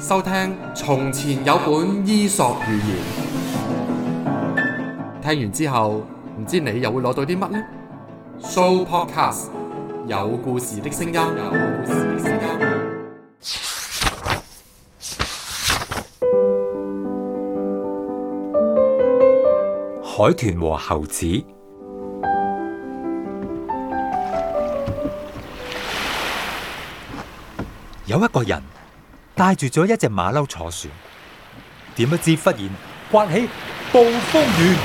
收聽從前有本伊索寓言，聽完之後唔知你又會攞到啲乜呢？《Sooopodcast》有故事的聲音，有故事的聲音。海豚和猴子，有一個人，帶住咗一隻馬騮坐船，點不知忽然颳起暴風雨，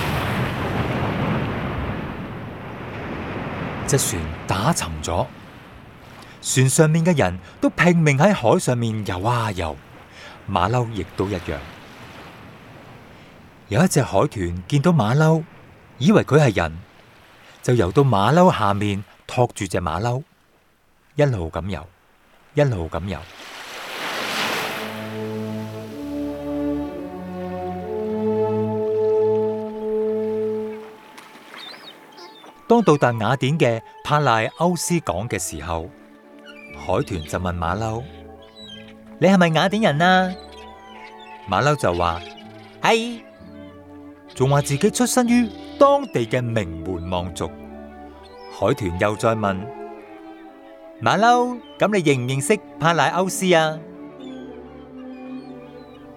隻 船打沉咗。船上面嘅人都拼命喺海上面游啊游，馬騮亦都一樣。有一隻海豚見到馬騮，以為佢係人，就游到馬騮下面托住隻馬騮，一路咁游，一路咁游。當到達雅典嘅帕賴歐斯港嘅時候，海豚就問馬騮：你係咪雅典人啊？馬騮就話：係是，仲話自己出身於當地嘅名門望族。海豚又再問馬騮：咁你認唔認識帕賴歐斯啊？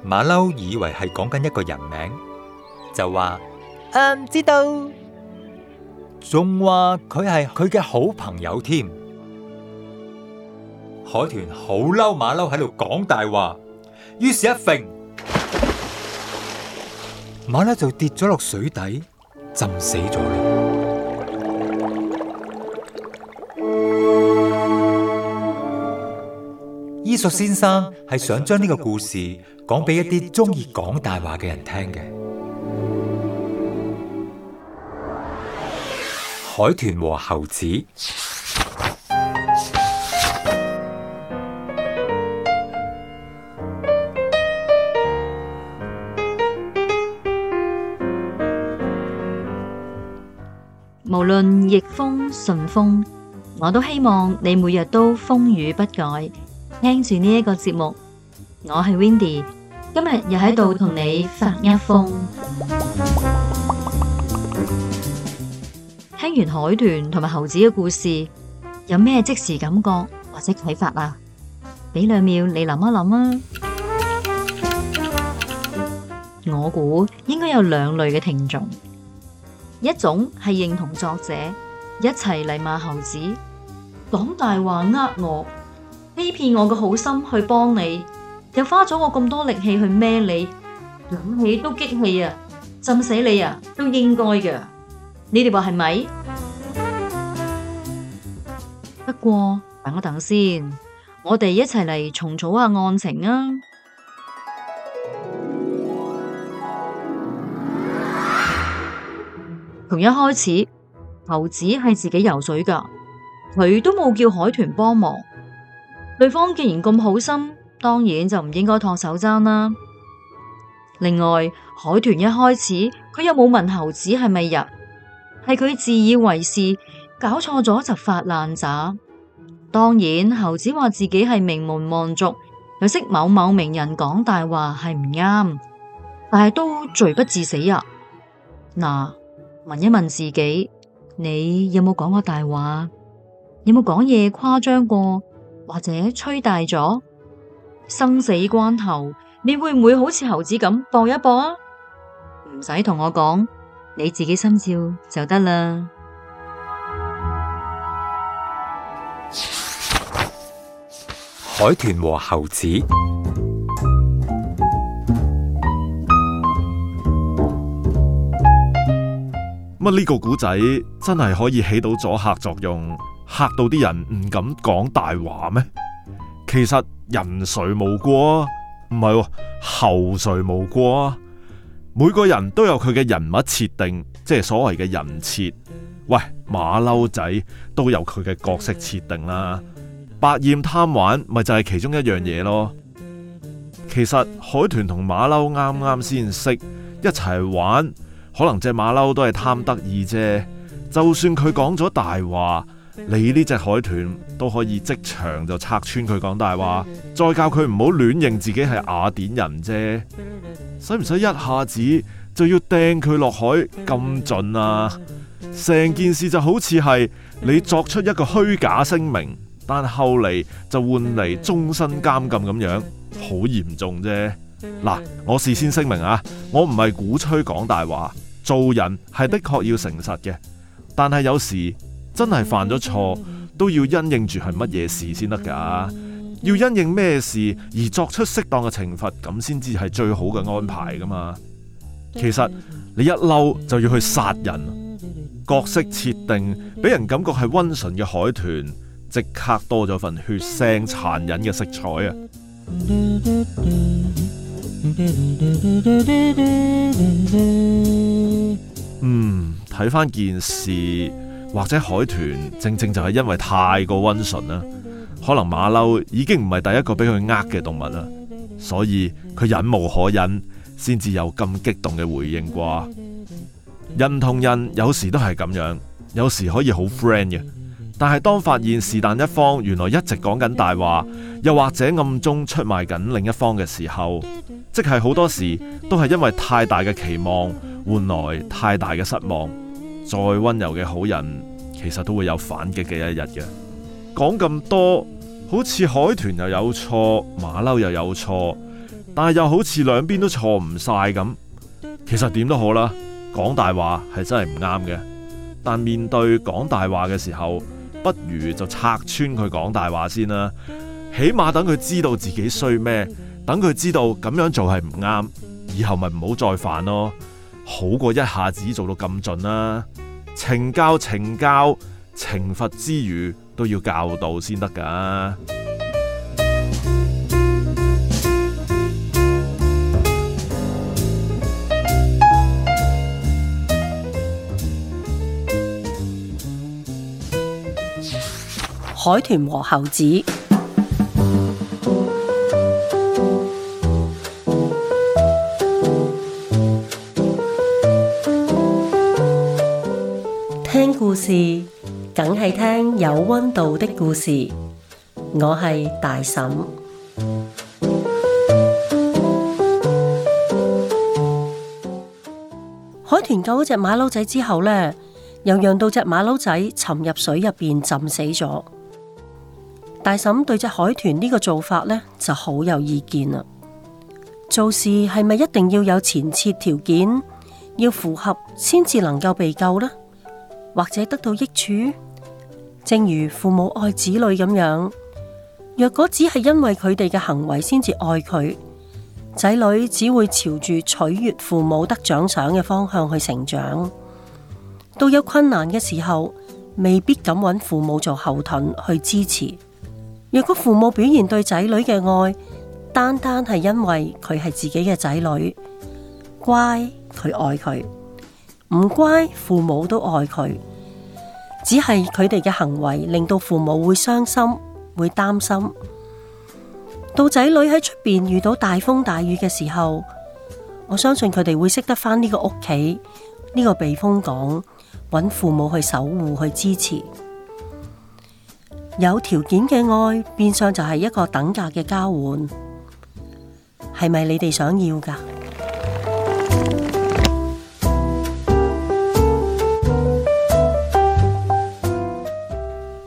馬騮以為係講緊一個人名，就話：嗯，知道。仲話佢係佢嘅好朋友添，海豚好嬲馬騮喺度講大話，於是一揈，馬騮就跌咗落水底，浸死咗啦。 伊索先生係想將呢個故事講俾一啲中意講大話嘅人聽嘅。海豚和猴子，無論逆風順風，我都希望你每日都風雨不改，聽住呢一個節目。我係 Windy，今日又喺度同你發一風。聽完海豚同埋猴子嘅故事，有咩即時感覺或者睇法啊？俾兩秒你諗一諗啊！我估應該有兩類嘅聽眾，一種係認同作者，一齊嚟罵猴子講大話呃我，欺騙我嘅好心去幫你，又花咗我咁多力氣去孭你，諗起都激氣啊！浸死你啊，都應該嘅。你哋話係咪？不過等一等先，我哋一齊嚟重組下案情啊！從一開始，猴子係自己游水噶，佢都冇叫海豚幫忙。對方既然咁好心，當然就唔應該托手踭啦。另外，海豚一開始佢又冇問猴子係咪人。係佢自以為是，搞錯咗就發爛渣。當然，猴子話自己係名門望族，又識某某名人講大話係唔啱，但係都罪不至死啊。嗱、啊，問一問自己，你有冇講過大話？有冇講嘢誇張過，或者吹大咗？生死關頭，你會唔會好似猴子咁搏一搏啊？唔使同我講。你自己心照就得啦。海豚和猴子，乜呢個古仔真係可以起到阻嚇作用，嚇到啲人唔敢講大話咩？其實人誰無過啊？唔係喎，猴誰無過啊？每個人都有佢嘅人物設定，即係所謂嘅人設。喂，馬騮仔都有佢嘅角色設定啦。百厭貪玩咪就係、是、其中一樣嘢咯。其實海豚同馬騮啱啱先識一齊玩，可能隻馬騮都係貪得意啫。就算佢講咗大話。你呢隻海豚都可以即場就拆穿佢講大話，再教佢唔好亂認自己係雅典人啫，使唔使一下子就要掟佢落海咁盡？啊？成件事就好似係你作出一個虛假聲明，但後嚟就換嚟終身監禁咁樣，好嚴重啫。嗱，我事先聲明啊，我唔係鼓吹講大話，做人係的確要誠實嘅，但係有時。真係犯咗錯，都要因應住係乜嘢事先得噶。要因應咩事而作出適當嘅懲罰，咁先至係最好嘅安排噶嘛。其實你一嬲就要去殺人，角色設定俾人感覺係溫順嘅海豚，即刻多咗份血腥殘忍嘅色彩啊。嗯，睇返件事。或者海豚正正就係因為太過溫順啦，可能馬騮已經唔係第一個俾佢呃嘅動物啦，所以佢忍無可忍，先至有咁激動嘅回應啩。人同人有時都係咁樣，有時可以好 friend 嘅，但係當發現是但一方原來一直講緊大話，又或者暗中出賣緊另一方嘅時候，即係好多時都係因為太大嘅期望換來太大嘅失望。再溫柔嘅好人，其實都會有反擊嘅一日嘅。講咁多，好似海豚又有錯，馬騮又有錯，但係又好似兩邊都錯唔晒咁。其實點都好啦，講大話係真係唔啱嘅。但面對講大話嘅時候，不如就拆穿佢講大話先啦。起碼等佢知道自己衰咩，等佢知道咁樣做係唔啱，以後咪唔好再犯咯。好過一下子做到咁盡啦，懲教懲教，懲罰之餘都要教導先得㗎。海豚和猴子。事梗係聽有溫度的故事。我係大嬸。 海豚救一隻馬騮仔之後呢，又讓到隻馬騮仔沉入水入邊，浸死咗。大嬸對隻海豚呢個做法呢就好有意見啦。做事係咪一定要有前設條件，要符合先至能夠被救呢？或者得到益處，正如父母愛子女咁樣。若果只係因為佢哋嘅行為先至愛佢，仔女只會朝住取悅父母得獎賞嘅方向去成長。到有困難嘅時候，未必敢揾父母做後盾去支持。若果父母表現對仔女嘅愛，單單係因為佢係自己嘅仔女，乖，佢愛佢。唔乖，父母都愛佢，只係佢哋嘅行為令到父母會傷心，會擔心。到仔女喺出邊遇到大風大雨嘅時候，我相信佢哋會識得翻呢個屋企，呢個避風港，搵父母去守護，去支持。有條件嘅愛，變相就係一個等價嘅交換，係咪你哋想要噶？